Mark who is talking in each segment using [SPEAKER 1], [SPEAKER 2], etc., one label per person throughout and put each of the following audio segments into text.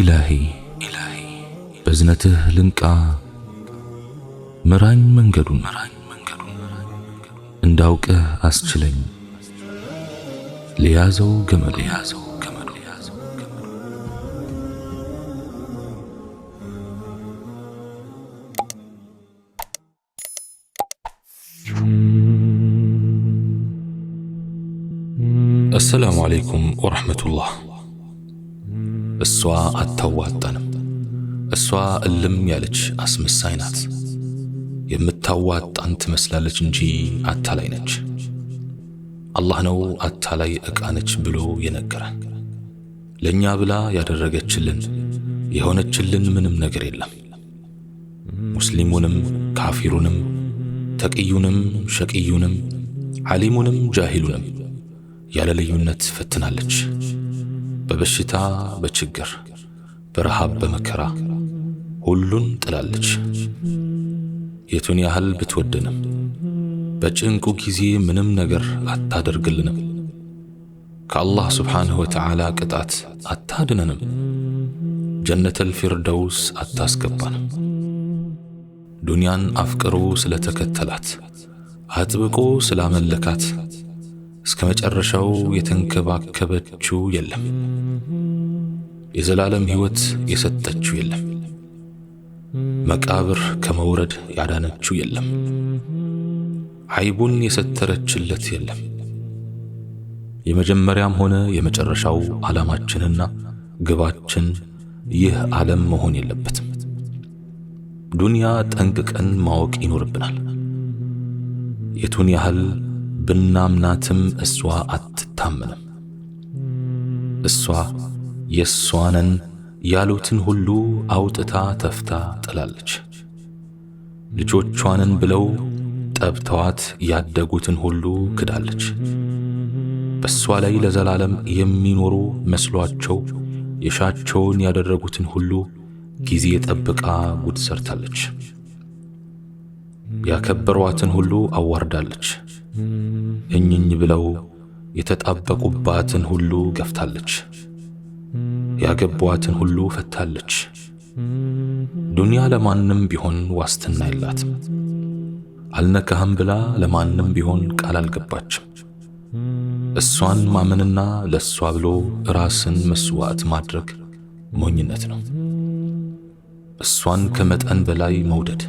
[SPEAKER 1] ኢላሂ በዝነትህ ልንቃ ምራኝ መንገዱን እንዳውቅህ አስችለኝ ሊያዘው ገመዱ ያዘው ገመዱ ያዘው ገመዱ አሰላሙ አለይኩም ወራህመቱላህ እሷ አታዋጣንም። እሷ እልም ያለች አስመሳይ ናት። የምታዋጣን ትመስላለች እንጂ አታላይ ነች። አላህ ነው አታላይ ዕቃ ነች ብሎ የነገረን። ለእኛ ብላ ያደረገችልን የሆነችልን ምንም ነገር የለም። ሙስሊሙንም ካፊሩንም ተቅዩንም ሸቅዩንም ዓሊሙንም ጃሂሉንም ያለ ልዩነት ፈትናለች። በበሽታ በችግር በረሃብ በመከራ ሁሉን ጥላለች። የቱን ያህል ብትወደንም በጭንቁ ጊዜ ምንም ነገር አታደርግልንም። ከአላህ ስብሓንሁ ወተዓላ ቅጣት አታድነንም። ጀነተል ፊርደውስ አታስገባንም። ዱንያን አፍቅሮ ስለተከተላት አጥብቆ ስላመለካት እስከ መጨረሻው የተንከባከበችው የለም፣ የዘላለም ሕይወት የሰጠችው የለም፣ መቃብር ከመውረድ ያዳነችው የለም፣ ዓይቡን የሰተረችለት የለም። የመጀመሪያም ሆነ የመጨረሻው ዓላማችንና ግባችን ይህ ዓለም መሆን የለበትም። ዱንያ ጠንቅቀን ማወቅ ይኖርብናል። የቱን ያህል ብናምናትም እሷ አትታመንም። እሷ የእሷንን ያሉትን ሁሉ አውጥታ ተፍታ ጥላለች። ልጆቿንን ብለው ጠብተዋት ያደጉትን ሁሉ ክዳለች። በእሷ ላይ ለዘላለም የሚኖሩ መስሏቸው የሻቸውን ያደረጉትን ሁሉ ጊዜ ጠብቃ ጉድ ሰርታለች። ያከበሯትን ሁሉ አዋርዳለች። እኝኝ ብለው የተጣበቁባትን ሁሉ ገፍታለች፣ ያገቧትን ሁሉ ፈታለች። ዱንያ ለማንም ቢሆን ዋስትና የላትም። አልነካህም ብላ ለማንም ቢሆን ቃል አልገባችም። እሷን ማመንና ለእሷ ብሎ ራስን መስዋዕት ማድረግ ሞኝነት ነው። እሷን ከመጠን በላይ መውደድ፣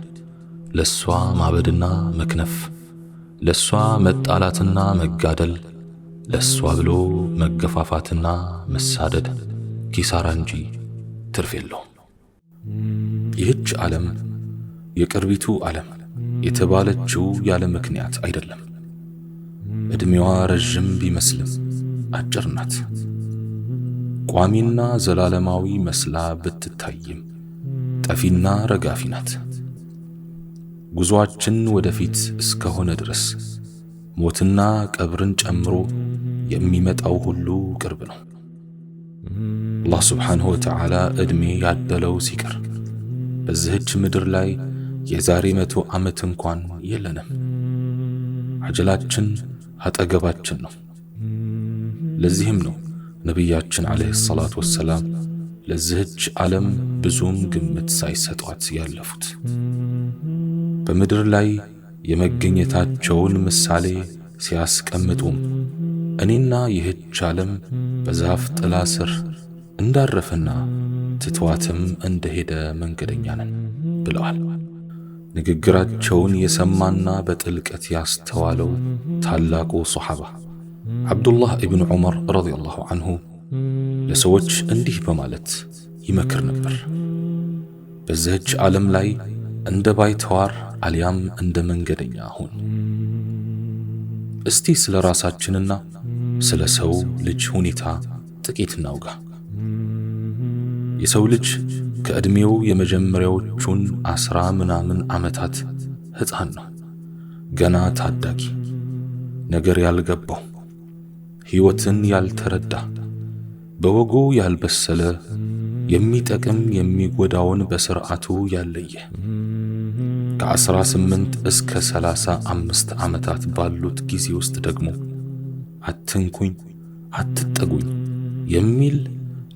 [SPEAKER 1] ለእሷ ማበድና መክነፍ ለእሷ መጣላትና መጋደል፣ ለእሷ ብሎ መገፋፋትና መሳደድ ኪሳራ እንጂ ትርፍ የለውም። ይህች ዓለም የቅርቢቱ ዓለም የተባለችው ያለ ምክንያት አይደለም። ዕድሜዋ ረዥም ቢመስልም አጭር ናት። ቋሚና ዘላለማዊ መስላ ብትታይም ጠፊና ረጋፊ ናት። ጉዞአችን ወደፊት እስከሆነ ድረስ ሞትና ቀብርን ጨምሮ የሚመጣው ሁሉ ቅርብ ነው። አላህ ስብሓንሁ ወተዓላ ዕድሜ ያደለው ሲቀር በዚህች ምድር ላይ የዛሬ መቶ ዓመት እንኳን የለንም። አጀላችን አጠገባችን ነው። ለዚህም ነው ነቢያችን ዓለይሂ ሰላቱ ወሰላም ለዚህች ዓለም ብዙም ግምት ሳይሰጧት ያለፉት። በምድር ላይ የመገኘታቸውን ምሳሌ ሲያስቀምጡም እኔና ይህች ዓለም በዛፍ ጥላ ስር እንዳረፈና ትቷትም እንደሄደ መንገደኛ ነን ብለዋል። ንግግራቸውን የሰማና በጥልቀት ያስተዋለው ታላቁ ሶሓባ ዓብዱላህ ኢብን ዑመር ረዲየላሁ አንሁ ለሰዎች እንዲህ በማለት ይመክር ነበር። በዚህች ዓለም ላይ እንደ ባይተዋር አሊያም እንደ መንገደኛ ሁን። እስቲ ስለ ራሳችንና ስለ ሰው ልጅ ሁኔታ ጥቂት እናውጋ። የሰው ልጅ ከዕድሜው የመጀመሪያዎቹን አስራ ምናምን ዓመታት ሕፃን ነው። ገና ታዳጊ፣ ነገር ያልገባው፣ ሕይወትን ያልተረዳ፣ በወጉ ያልበሰለ፣ የሚጠቅም የሚጎዳውን በሥርዓቱ ያለየ ከ18 እስከ 35 ዓመታት ባሉት ጊዜ ውስጥ ደግሞ አትንኩኝ፣ አትጠጉኝ የሚል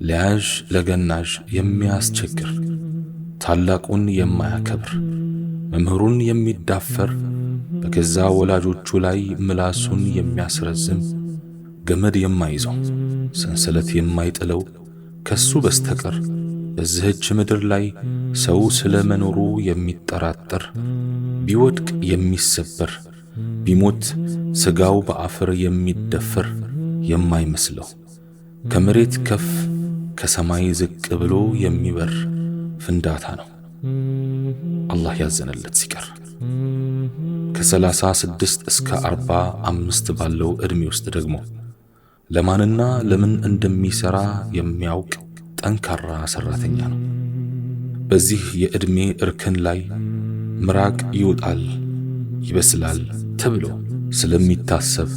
[SPEAKER 1] ለያዥ ለገናዥ የሚያስቸግር ታላቁን የማያከብር መምህሩን የሚዳፈር በገዛ ወላጆቹ ላይ ምላሱን የሚያስረዝም ገመድ የማይዘው ሰንሰለት የማይጥለው ከሱ በስተቀር በዚህች ምድር ላይ ሰው ስለ መኖሩ የሚጠራጠር ቢወድቅ የሚሰበር ቢሞት ሥጋው በአፈር የሚደፈር የማይመስለው ከመሬት ከፍ ከሰማይ ዝቅ ብሎ የሚበር ፍንዳታ ነው። አላህ ያዘነለት ሲቀር ከሰላሳ ስድስት እስከ አርባ አምስት ባለው ዕድሜ ውስጥ ደግሞ ለማንና ለምን እንደሚሠራ የሚያውቅ ጠንካራ ሰራተኛ ነው። በዚህ የዕድሜ እርከን ላይ ምራቅ ይወጣል ይበስላል ተብሎ ስለሚታሰብ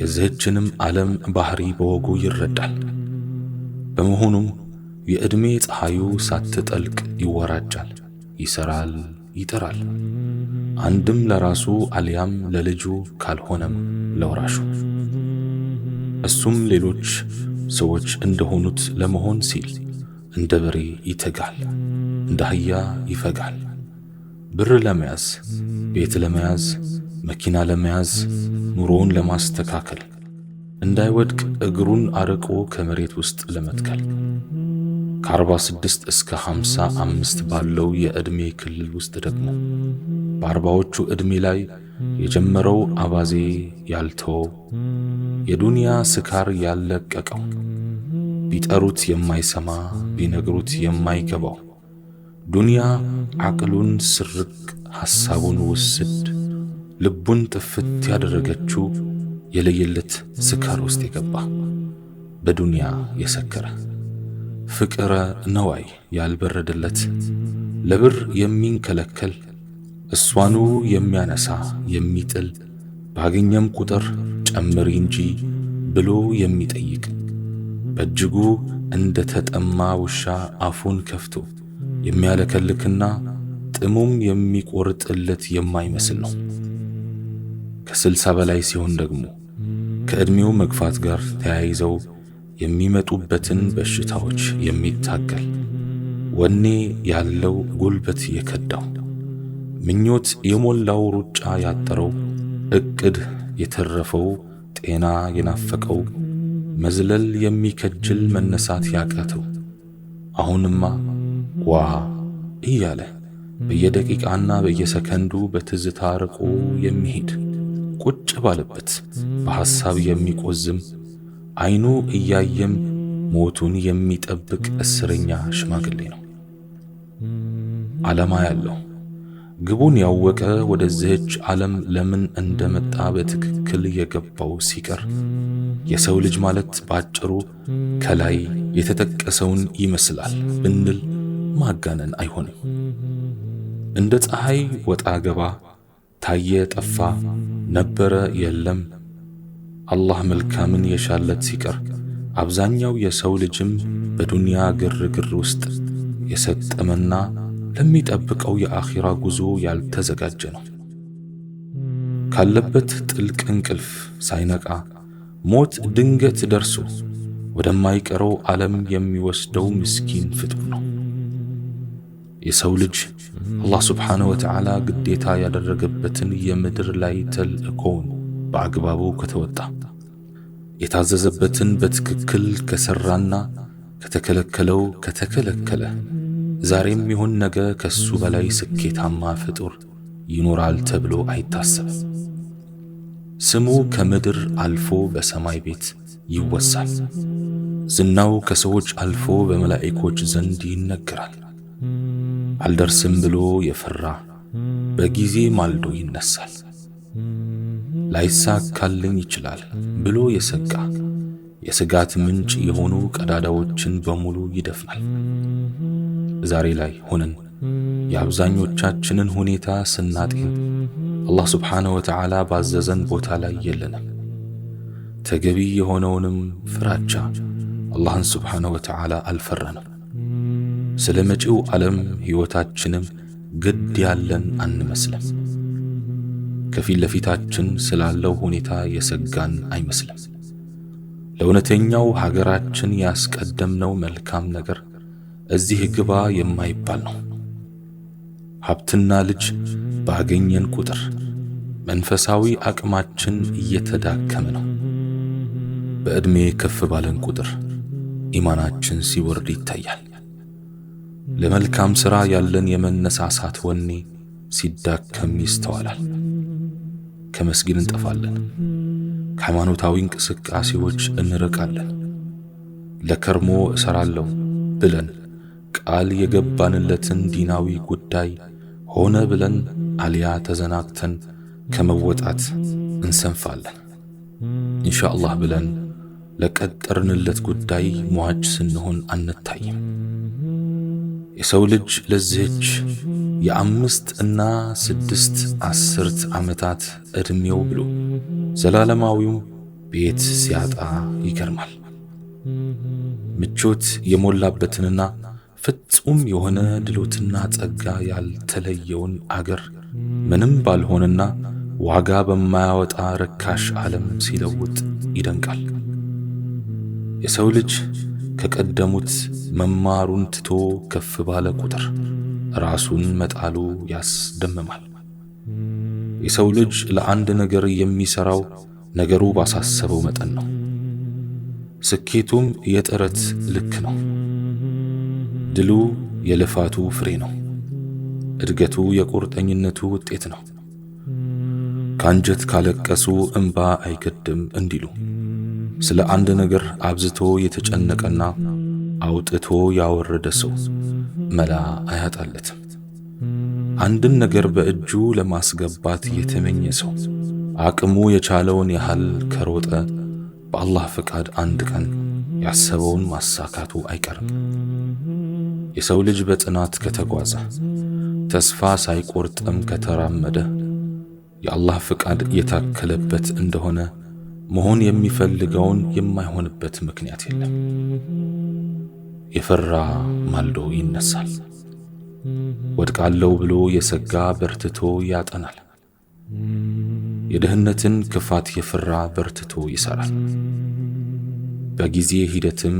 [SPEAKER 1] የዚህችንም ዓለም ባህሪ በወጉ ይረዳል። በመሆኑም የዕድሜ ፀሐዩ ሳትጠልቅ ይወራጫል፣ ይሰራል፣ ይጠራል። አንድም ለራሱ አልያም ለልጁ ካልሆነም ለወራሹ እሱም ሌሎች ሰዎች እንደሆኑት ለመሆን ሲል እንደ በሬ ይተጋል፣ እንደ አህያ ይፈጋል። ብር ለመያዝ፣ ቤት ለመያዝ፣ መኪና ለመያዝ፣ ኑሮውን ለማስተካከል እንዳይወድቅ እግሩን አርቆ ከመሬት ውስጥ ለመትከል ከ46 እስከ 55 ባለው የዕድሜ ክልል ውስጥ ደግሞ በአርባዎቹ ዕድሜ ላይ የጀመረው አባዜ ያልቶ የዱንያ ስካር ያለቀቀው ቢጠሩት የማይሰማ ቢነግሩት የማይገባው ዱንያ አቅሉን ስርቅ ሐሳቡን ውስድ ልቡን ጥፍት ያደረገችው የለየለት ስካር ውስጥ የገባ በዱንያ የሰከረ ፍቅረ ነዋይ ያልበረደለት ለብር የሚንከለከል እሷኑ የሚያነሳ የሚጥል ባገኘም ቁጥር ጨምሪ እንጂ ብሎ የሚጠይቅ በእጅጉ እንደ ተጠማ ውሻ አፉን ከፍቶ የሚያለከልክና ጥሙም የሚቆርጥለት የማይመስል ነው። ከስልሳ በላይ ሲሆን ደግሞ ከዕድሜው መግፋት ጋር ተያይዘው የሚመጡበትን በሽታዎች የሚታገል ወኔ ያለው ጉልበት የከዳው ምኞት የሞላው ሩጫ ያጠረው፣ እቅድ የተረፈው፣ ጤና የናፈቀው፣ መዝለል የሚከጅል መነሳት ያቃተው፣ አሁንማ ዋ እያለ በየደቂቃና በየሰከንዱ በትዝታ ርቆ የሚሄድ ቁጭ ባለበት በሐሳብ የሚቆዝም አይኑ እያየም ሞቱን የሚጠብቅ እስረኛ ሽማግሌ ነው። ዓላማ ያለው ግቡን ያወቀ ወደዚህች ዓለም ለምን እንደመጣ በትክክል የገባው ሲቀር የሰው ልጅ ማለት በአጭሩ ከላይ የተጠቀሰውን ይመስላል ብንል ማጋነን አይሆንም። እንደ ፀሐይ ወጣ ገባ፣ ታየ፣ ጠፋ፣ ነበረ፣ የለም። አላህ መልካምን የሻለት ሲቀር አብዛኛው የሰው ልጅም በዱንያ ግርግር ውስጥ የሰጠመና ለሚጠብቀው የአኺራ ጉዞ ያልተዘጋጀ ነው። ካለበት ጥልቅ እንቅልፍ ሳይነቃ ሞት ድንገት ደርሶ ወደማይቀረው ዓለም የሚወስደው ምስኪን ፍጡር ነው። የሰው ልጅ አላህ ስብሓነ ወተዓላ ግዴታ ያደረገበትን የምድር ላይ ተልእኮውን በአግባቡ ከተወጣ የታዘዘበትን በትክክል ከሠራና ከተከለከለው ከተከለከለ ዛሬም ይሁን ነገ ከሱ በላይ ስኬታማ ፍጡር ይኖራል ተብሎ አይታሰብም። ስሙ ከምድር አልፎ በሰማይ ቤት ይወሳል። ዝናው ከሰዎች አልፎ በመላእኮች ዘንድ ይነገራል። አልደርስም ብሎ የፈራ በጊዜ ማልዶ ይነሳል። ላይሳካልኝ ይችላል ብሎ የሰጋ የስጋት ምንጭ የሆኑ ቀዳዳዎችን በሙሉ ይደፍናል። ዛሬ ላይ ሆነን የአብዛኞቻችንን ሁኔታ ስናጤን አላህ ስብሓነ ወተዓላ ባዘዘን ቦታ ላይ የለንም። ተገቢ የሆነውንም ፍራቻ አላህን ስብሓነ ወተዓላ አልፈረንም። ስለ መጪው ዓለም ሕይወታችንም ግድ ያለን አንመስልም። ከፊት ለፊታችን ስላለው ሁኔታ የሰጋን አይመስልም። ለእውነተኛው ሀገራችን ያስቀደምነው መልካም ነገር እዚህ ግባ የማይባል ነው። ሀብትና ልጅ ባገኘን ቁጥር መንፈሳዊ አቅማችን እየተዳከመ ነው። በዕድሜ ከፍ ባለን ቁጥር ኢማናችን ሲወርድ ይታያል። ለመልካም ሥራ ያለን የመነሳሳት ወኔ ሲዳከም ይስተዋላል። ከመስጊድ እንጠፋለን። ከሃይማኖታዊ እንቅስቃሴዎች እንርቃለን። ለከርሞ እሰራለሁ ብለን ቃል የገባንለትን ዲናዊ ጉዳይ ሆነ ብለን አሊያ ተዘናግተን ከመወጣት እንሰንፋለን። እንሻአላህ ብለን ለቀጠርንለት ጉዳይ ሟች ስንሆን አንታይም። የሰው ልጅ ለዚህች የአምስት እና ስድስት አስርት ዓመታት ዕድሜው ብሎ ዘላለማዊው ቤት ሲያጣ ይገርማል። ምቾት የሞላበትንና ፍጹም የሆነ ድሎትና ጸጋ ያልተለየውን አገር ምንም ባልሆነና ዋጋ በማያወጣ ርካሽ ዓለም ሲለውጥ ይደንቃል። የሰው ልጅ ከቀደሙት መማሩን ትቶ ከፍ ባለ ቁጥር ራሱን መጣሉ ያስደምማል። የሰው ልጅ ለአንድ ነገር የሚሰራው ነገሩ ባሳሰበው መጠን ነው። ስኬቱም የጥረት ልክ ነው። ድሉ የልፋቱ ፍሬ ነው። እድገቱ የቁርጠኝነቱ ውጤት ነው። ካንጀት ካለቀሱ እንባ አይገድም እንዲሉ ስለ አንድ ነገር አብዝቶ የተጨነቀና አውጥቶ ያወረደ ሰው መላ አያጣለትም። አንድን ነገር በእጁ ለማስገባት የተመኘ ሰው አቅሙ የቻለውን ያህል ከሮጠ በአላህ ፈቃድ አንድ ቀን ያሰበውን ማሳካቱ አይቀርም። የሰው ልጅ በጽናት ከተጓዘ ተስፋ ሳይቆርጥም ከተራመደ የአላህ ፍቃድ የታከለበት እንደሆነ መሆን የሚፈልገውን የማይሆንበት ምክንያት የለም። የፈራ ማልዶ ይነሳል። ወድቃለው ብሎ የሰጋ በርትቶ ያጠናል። የድህነትን ክፋት የፈራ በርትቶ ይሰራል። በጊዜ ሂደትም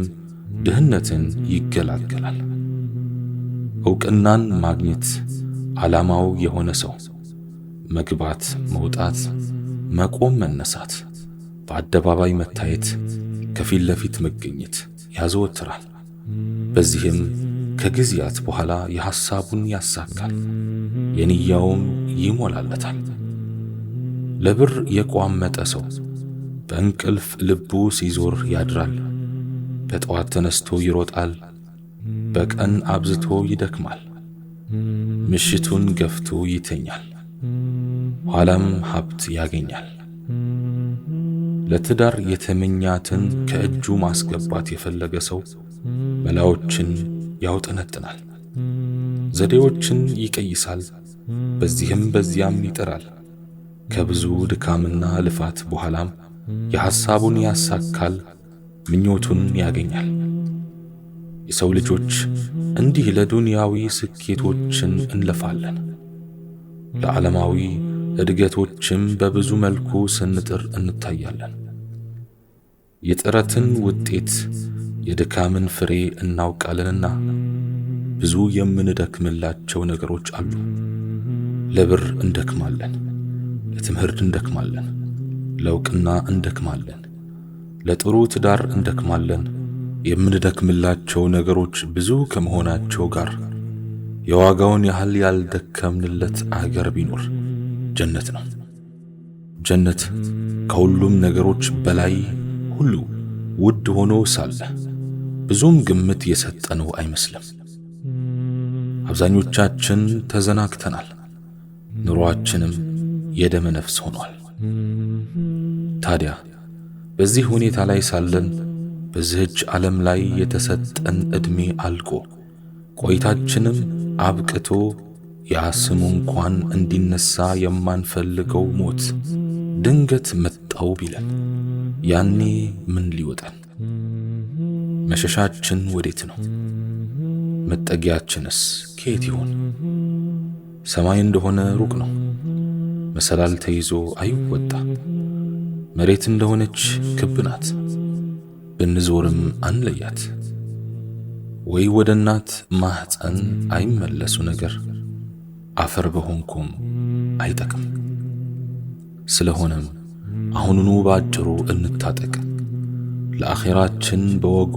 [SPEAKER 1] ድህነትን ይገላገላል። እውቅናን ማግኘት ዓላማው የሆነ ሰው መግባት፣ መውጣት፣ መቆም፣ መነሳት፣ በአደባባይ መታየት፣ ከፊት ለፊት መገኘት ያዘወትራል። በዚህም ከጊዜያት በኋላ የሐሳቡን ያሳካል፣ የንያውም ይሞላለታል። ለብር የቋመጠ ሰው በእንቅልፍ ልቡ ሲዞር ያድራል። በጠዋት ተነስቶ ይሮጣል በቀን አብዝቶ ይደክማል፣ ምሽቱን ገፍቶ ይተኛል፣ ኋላም ሀብት ያገኛል። ለትዳር የተመኛትን ከእጁ ማስገባት የፈለገ ሰው መላዎችን ያውጠነጥናል፣ ዘዴዎችን ይቀይሳል፣ በዚህም በዚያም ይጥራል። ከብዙ ድካምና ልፋት በኋላም የሐሳቡን ያሳካል፣ ምኞቱን ያገኛል። የሰው ልጆች እንዲህ ለዱንያዊ ስኬቶችን እንለፋለን። ለዓለማዊ እድገቶችም በብዙ መልኩ ስንጥር እንታያለን። የጥረትን ውጤት የድካምን ፍሬ እናውቃለንና ብዙ የምንደክምላቸው ነገሮች አሉ። ለብር እንደክማለን፣ ለትምህርት እንደክማለን፣ ለእውቅና እንደክማለን፣ ለጥሩ ትዳር እንደክማለን የምንደክምላቸው ነገሮች ብዙ ከመሆናቸው ጋር የዋጋውን ያህል ያልደከምንለት አገር ቢኖር ጀነት ነው። ጀነት ከሁሉም ነገሮች በላይ ሁሉ ውድ ሆኖ ሳለ ብዙም ግምት የሰጠነው አይመስልም። አብዛኞቻችን ተዘናግተናል። ኑሮአችንም የደመ ነፍስ ሆኗል። ታዲያ በዚህ ሁኔታ ላይ ሳለን በዚህች ዓለም ላይ የተሰጠን ዕድሜ አልቆ ቆይታችንም አብቅቶ ያ ስሙ እንኳን እንዲነሳ የማንፈልገው ሞት ድንገት መጣው ቢለን ያኔ ምን ሊወጠን? መሸሻችን ወዴት ነው? መጠጊያችንስ ከየት ይሆን? ሰማይ እንደሆነ ሩቅ ነው፣ መሰላል ተይዞ አይወጣ። መሬት እንደሆነች ክብ ናት ብንዞርም አንለያት። ወይ ወደ እናት ማህፀን አይመለሱ ነገር አፈር በሆንኩም አይጠቅም። ስለሆነም አሁኑኑ በአጭሩ እንታጠቅ፣ ለአኼራችን በወጉ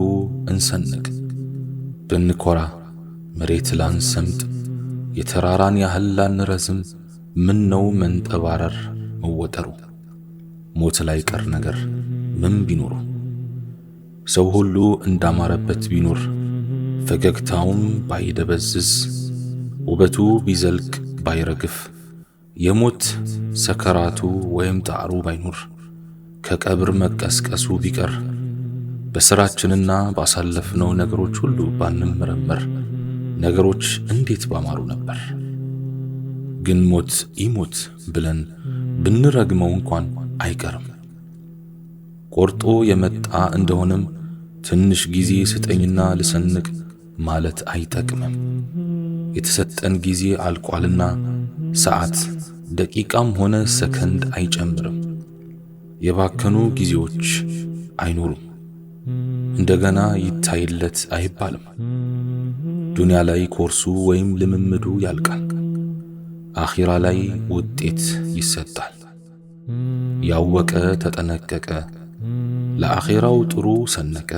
[SPEAKER 1] እንሰንቅ። ብንኮራ መሬት ላንሰምጥ፣ የተራራን ያህል ላንረዝም። ምን ነው መንጠባረር መወጠሩ ሞት ላይ ቀር ነገር ምን ቢኖረው ሰው ሁሉ እንዳማረበት ቢኖር ፈገግታውም ባይደበዝዝ ውበቱ ቢዘልቅ ባይረግፍ የሞት ሰከራቱ ወይም ጣሩ ባይኖር ከቀብር መቀስቀሱ ቢቀር በስራችንና ባሳለፍነው ነገሮች ሁሉ ባንመረመር ነገሮች እንዴት ባማሩ ነበር። ግን ሞት ይሞት ብለን ብንረግመው እንኳን አይቀርም። ቆርጦ የመጣ እንደሆነም ትንሽ ጊዜ ስጠኝና ልሰንቅ ማለት አይጠቅምም። የተሰጠን ጊዜ አልቋልና ሰዓት ደቂቃም ሆነ ሰከንድ አይጨምርም። የባከኑ ጊዜዎች አይኖሩም። እንደገና ይታይለት አይባልም። ዱንያ ላይ ኮርሱ ወይም ልምምዱ ያልቃል። አኺራ ላይ ውጤት ይሰጣል። ያወቀ ተጠነቀቀ ለአኼራው ጥሩ ሰነቀ።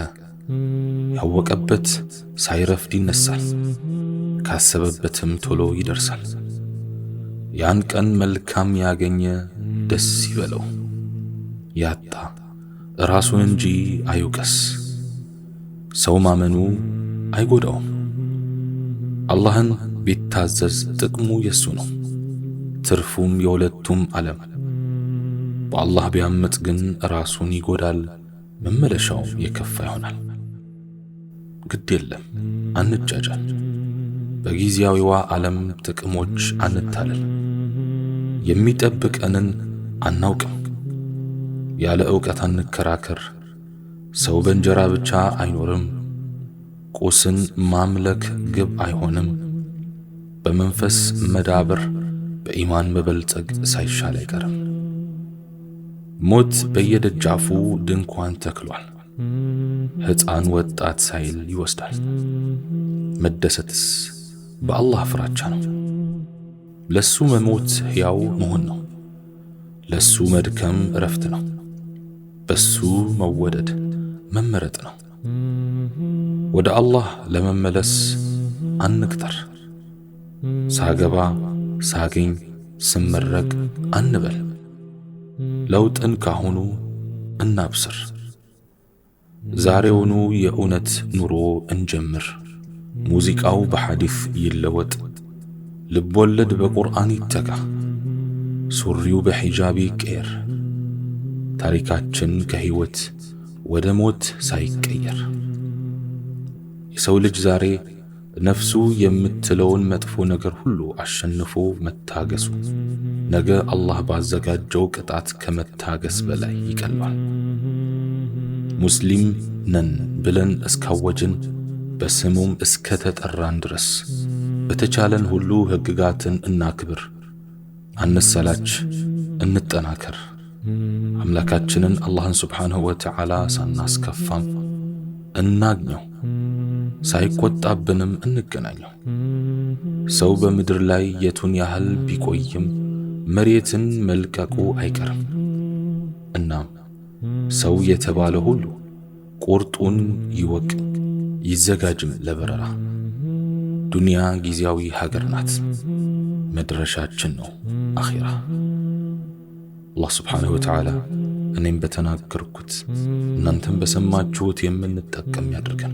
[SPEAKER 1] ያወቀበት ሳይረፍድ ይነሳል፣ ካሰበበትም ቶሎ ይደርሳል። ያን ቀን መልካም ያገኘ ደስ ይበለው፣ ያጣ ራሱን እንጂ አይውቀስ። ሰው ማመኑ አይጎዳውም። አላህን ቢታዘዝ ጥቅሙ የሱ ነው፣ ትርፉም የሁለቱም ዓለም። በአላህ ቢያምጥ ግን ራሱን ይጎዳል። መመለሻው የከፋ ይሆናል። ግድ የለም አንጫጫል። በጊዜያዊዋ ዓለም ጥቅሞች አንታለል። የሚጠብቀንን አናውቅም። ያለ ዕውቀት አንከራከር። ሰው በእንጀራ ብቻ አይኖርም። ቁስን ማምለክ ግብ አይሆንም። በመንፈስ መዳብር በኢማን መበልጸግ ሳይሻል አይቀርም። ሞት በየደጃፉ ድንኳን ተክሏል። ሕፃን ወጣት ሳይል ይወስዳል። መደሰትስ በአላህ ፍራቻ ነው። ለሱ መሞት ሕያው መሆን ነው። ለሱ መድከም እረፍት ነው። በሱ መወደድ መመረጥ ነው። ወደ አላህ ለመመለስ አንቅጠር። ሳገባ፣ ሳገኝ፣ ስመረቅ አንበል። ለውጥን ካሁኑ እናብስር። ዛሬውኑ የእውነት ኑሮ እንጀምር። ሙዚቃው በሐዲስ ይለወጥ፣ ልቦለድ በቁርአን ይተካ፣ ሱሪው በሒጃብ ይቀየር፣ ታሪካችን ከሕይወት ወደ ሞት ሳይቀየር የሰው ልጅ ዛሬ ነፍሱ የምትለውን መጥፎ ነገር ሁሉ አሸንፎ መታገሱ ነገ አላህ ባዘጋጀው ቅጣት ከመታገስ በላይ ይቀላል። ሙስሊም ነን ብለን እስካወጅን በስሙም እስከ ተጠራን ድረስ በተቻለን ሁሉ ሕግጋትን እናክብር፣ አነሰላች፣ እንጠናከር። አምላካችንን አላህን ስብሓንሁ ወተዓላ ሳናስከፋም እናግኘው። ሳይቆጣብንም እንገናኘው። ሰው በምድር ላይ የቱን ያህል ቢቆይም መሬትን መልቀቁ አይቀርም። እናም ሰው የተባለ ሁሉ ቁርጡን ይወቅ፣ ይዘጋጅም ለበረራ። ዱንያ ጊዜያዊ ሀገር ናት፣ መድረሻችን ነው አኺራ። አላህ ስብሓንሁ ወተዓላ እኔም በተናገርኩት እናንተም በሰማችሁት የምንጠቀም ያድርገን።